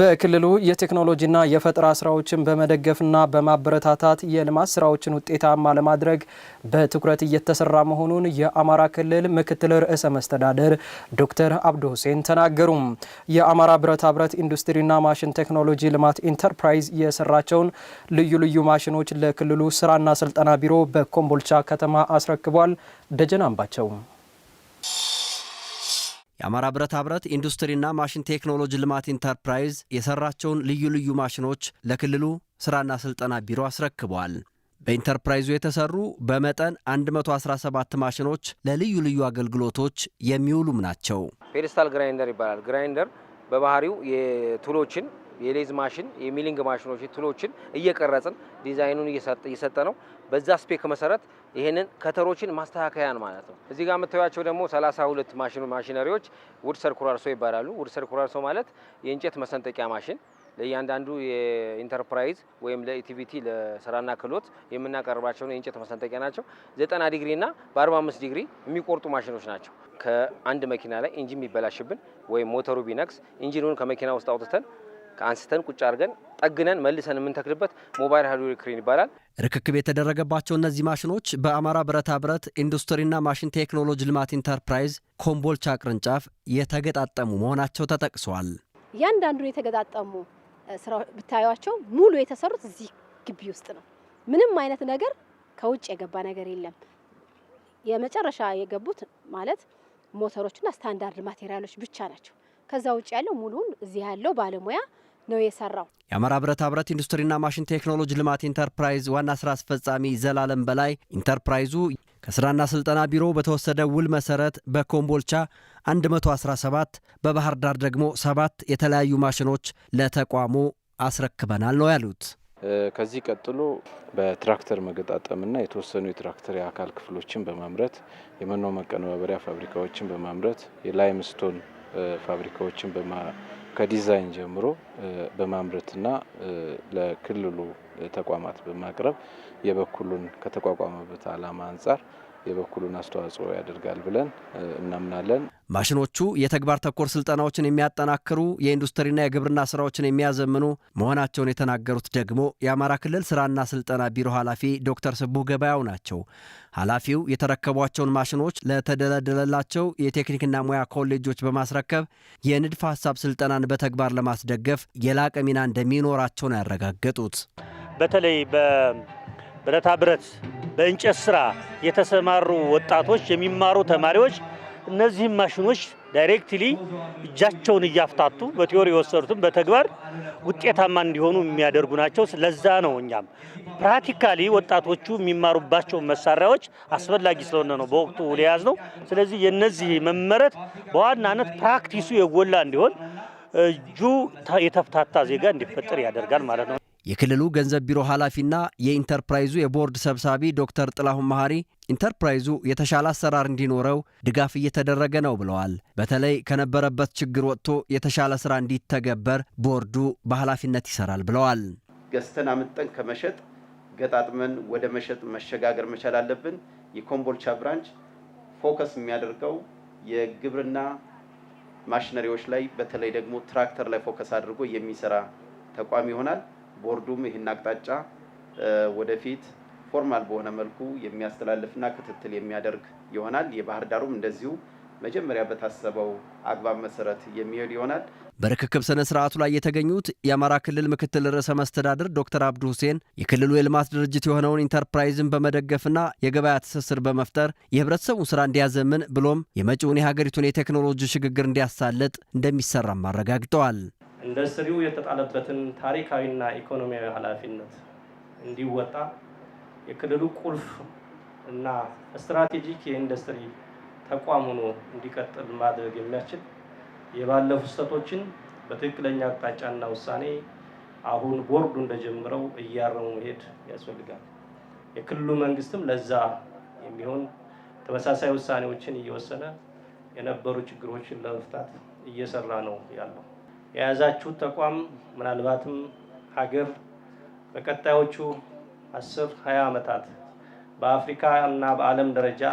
በክልሉ የቴክኖሎጂና የፈጠራ ስራዎችን በመደገፍና በማበረታታት የልማት ስራዎችን ውጤታማ ለማድረግ በትኩረት እየተሰራ መሆኑን የአማራ ክልል ምክትል ርዕሰ መስተዳደር ዶክተር አብዱ ሁሴን ተናገሩ። የአማራ ብረታ ብረት ኢንዱስትሪና ማሽን ቴክኖሎጂ ልማት ኢንተርፕራይዝ የሰራቸውን ልዩ ልዩ ማሽኖች ለክልሉ ስራና ስልጠና ቢሮ በኮምቦልቻ ከተማ አስረክቧል። ደጀን የአማራ ብረታ ብረት ኢንዱስትሪና ማሽን ቴክኖሎጂ ልማት ኢንተርፕራይዝ የሰራቸውን ልዩ ልዩ ማሽኖች ለክልሉ ስራና ስልጠና ቢሮ አስረክበዋል። በኢንተርፕራይዙ የተሰሩ በመጠን 117 ማሽኖች ለልዩ ልዩ አገልግሎቶች የሚውሉም ናቸው። ፔደስታል ግራይንደር ይባላል። ግራይንደር በባህሪው የቱሎችን የሌዝ ማሽን፣ የሚሊንግ ማሽኖች፣ ትሎችን እየቀረጽን ዲዛይኑን እየሰጠ ነው። በዛ ስፔክ መሰረት ይህንን ከተሮችን ማስተካከያን ማለት ነው። እዚህ ጋር የምታዩቸው ደግሞ 32 ማሽኑ ማሽነሪዎች ውድ ሰርኩራርሶ ይባላሉ። ውድ ሰርኩራርሶ ማለት የእንጨት መሰንጠቂያ ማሽን ለእያንዳንዱ የኢንተርፕራይዝ ወይም ለኢቲቪቲ ለስራና ክህሎት የምናቀርባቸውን የእንጨት መሰንጠቂያ ናቸው። 90 ዲግሪና በ45 ዲግሪ የሚቆርጡ ማሽኖች ናቸው። ከአንድ መኪና ላይ ኢንጂን የሚበላሽብን ወይም ሞተሩ ቢነክስ ኢንጂኑን ከመኪና ውስጥ አውጥተን አንስተን ቁጭ አድርገን ጠግነን መልሰን የምንተክልበት ሞባይል ሃርድዌር ክሬን ይባላል። ርክክብ የተደረገባቸው እነዚህ ማሽኖች በአማራ ብረታ ብረት ኢንዱስትሪና ማሽን ቴክኖሎጂ ልማት ኢንተርፕራይዝ ኮምቦልቻ ቅርንጫፍ የተገጣጠሙ መሆናቸው ተጠቅሰዋል። እያንዳንዱ የተገጣጠሙ ስራ ብታዩቸው ሙሉ የተሰሩት እዚህ ግቢ ውስጥ ነው። ምንም አይነት ነገር ከውጭ የገባ ነገር የለም። የመጨረሻ የገቡት ማለት ሞተሮችና ስታንዳርድ ማቴሪያሎች ብቻ ናቸው። ከዛ ውጭ ያለው ሙሉውን እዚህ ያለው ባለሙያ ነው የሰራው። የአማራ ብረታ ብረት ኢንዱስትሪና ማሽን ቴክኖሎጂ ልማት ኢንተርፕራይዝ ዋና ስራ አስፈጻሚ ዘላለም በላይ ኢንተርፕራይዙ ከስራና ስልጠና ቢሮ በተወሰደ ውል መሰረት በኮምቦልቻ 117 በባህር ዳር ደግሞ ሰባት የተለያዩ ማሽኖች ለተቋሙ አስረክበናል ነው ያሉት። ከዚህ ቀጥሎ በትራክተር መገጣጠምና የተወሰኑ የትራክተር የአካል ክፍሎችን በማምረት የመኖ መቀነባበሪያ ፋብሪካዎችን በማምረት የላይምስቶን ፋብሪካዎችን ከዲዛይን ጀምሮ በማምረትና ለክልሉ ተቋማት በማቅረብ የበኩሉን ከተቋቋመበት ዓላማ አንጻር የበኩሉን አስተዋጽኦ ያደርጋል ብለን እናምናለን። ማሽኖቹ የተግባር ተኮር ስልጠናዎችን የሚያጠናክሩ የኢንዱስትሪና የግብርና ስራዎችን የሚያዘምኑ መሆናቸውን የተናገሩት ደግሞ የአማራ ክልል ስራና ስልጠና ቢሮ ኃላፊ ዶክተር ስቡህ ገበያው ናቸው። ኃላፊው የተረከቧቸውን ማሽኖች ለተደለደለላቸው የቴክኒክና ሙያ ኮሌጆች በማስረከብ የንድፈ ሀሳብ ስልጠናን በተግባር ለማስደገፍ የላቀ ሚና እንደሚኖራቸውን ያረጋገጡት በተለይ ብረታ ብረት፣ በእንጨት ስራ የተሰማሩ ወጣቶች የሚማሩ ተማሪዎች እነዚህም ማሽኖች ዳይሬክትሊ እጃቸውን እያፍታቱ በቲዮሪ የወሰዱትም በተግባር ውጤታማ እንዲሆኑ የሚያደርጉ ናቸው። ለዛ ነው እኛም ፕራክቲካሊ ወጣቶቹ የሚማሩባቸው መሳሪያዎች አስፈላጊ ስለሆነ ነው በወቅቱ ሊያዝ ነው። ስለዚህ የነዚህ መመረት በዋናነት ፕራክቲሱ የጎላ እንዲሆን እጁ የተፍታታ ዜጋ እንዲፈጠር ያደርጋል ማለት ነው። የክልሉ ገንዘብ ቢሮ ኃላፊና የኢንተርፕራይዙ የቦርድ ሰብሳቢ ዶክተር ጥላሁን መሐሪ ኢንተርፕራይዙ የተሻለ አሰራር እንዲኖረው ድጋፍ እየተደረገ ነው ብለዋል። በተለይ ከነበረበት ችግር ወጥቶ የተሻለ ስራ እንዲተገበር ቦርዱ በኃላፊነት ይሰራል ብለዋል። ገዝተን አምጠን ከመሸጥ ገጣጥመን ወደ መሸጥ መሸጋገር መቻል አለብን። የኮምቦልቻ ብራንች ፎከስ የሚያደርገው የግብርና ማሽነሪዎች ላይ በተለይ ደግሞ ትራክተር ላይ ፎከስ አድርጎ የሚሰራ ተቋም ይሆናል። ቦርዱም ይህን አቅጣጫ ወደፊት ፎርማል በሆነ መልኩ የሚያስተላልፍና ክትትል የሚያደርግ ይሆናል። የባህር ዳሩም እንደዚሁ መጀመሪያ በታሰበው አግባብ መሰረት የሚሄድ ይሆናል። በርክክብ ስነ ስርዓቱ ላይ የተገኙት የአማራ ክልል ምክትል ርዕሰ መስተዳድር ዶክተር አብዱ ሁሴን የክልሉ የልማት ድርጅት የሆነውን ኢንተርፕራይዝን በመደገፍና የገበያ ትስስር በመፍጠር የህብረተሰቡን ስራ እንዲያዘምን ብሎም የመጪውን የሀገሪቱን የቴክኖሎጂ ሽግግር እንዲያሳልጥ እንደሚሰራም አረጋግጠዋል። ኢንዱስትሪው የተጣለበትን ታሪካዊና ኢኮኖሚያዊ ኃላፊነት እንዲወጣ የክልሉ ቁልፍ እና ስትራቴጂክ የኢንዱስትሪ ተቋም ሆኖ እንዲቀጥል ማድረግ የሚያስችል የባለፉ ስህተቶችን በትክክለኛ አቅጣጫና ውሳኔ አሁን ቦርዱ እንደጀምረው እያረሙ መሄድ ያስፈልጋል። የክልሉ መንግስትም ለዛ የሚሆን ተመሳሳይ ውሳኔዎችን እየወሰነ የነበሩ ችግሮችን ለመፍታት እየሰራ ነው ያለው። የያዛችሁት ተቋም ምናልባትም ሀገር በቀጣዮቹ አስር ሀያ ዓመታት በአፍሪካ እና በዓለም ደረጃ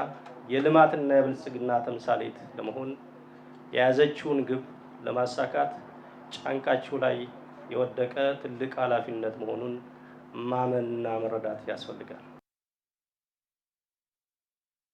የልማትና የብልጽግና ተምሳሌት ለመሆን የያዘችውን ግብ ለማሳካት ጫንቃችሁ ላይ የወደቀ ትልቅ ኃላፊነት መሆኑን ማመንና መረዳት ያስፈልጋል።